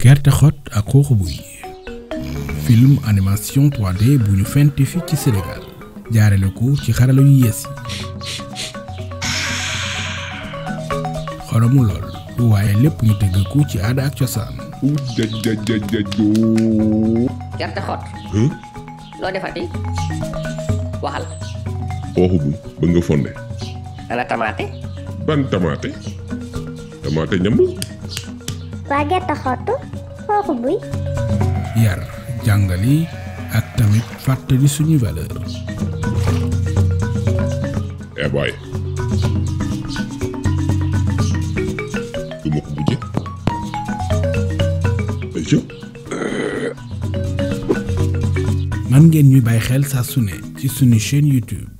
gerte xot ak xooxu buy film animation 3D bu ñu fent fi ci Sénégal jaarale ko ci xarala yu yees yi xoromu lool waaye lépp ñu tëgg ko ci aada ak cosaan gerte xot loo defati waxal xooxu buy ba nga fonde ana tamaate ban tamaate tamaate ñamb ಬಾಗ್ಯ kau ಹೋಗ್ಬಿ yar jàngali ak tamit fàttali suñu valeur eh ya, boy kamu ma ko mujje ayca man ngeen ñu youtube